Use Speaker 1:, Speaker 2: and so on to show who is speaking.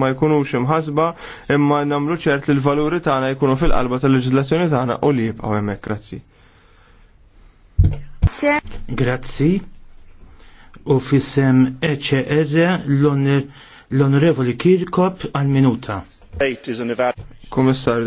Speaker 1: ma jkunux imħasba imma namlu ċert li l-valuri tagħna jkunu fil-qalba tal-leġislazzjoni tagħna
Speaker 2: u li jibqgħu hemmhekk grazzi. Grazzi. U fissem ECR l-onorevoli Kirkop għal minuta. Komissarju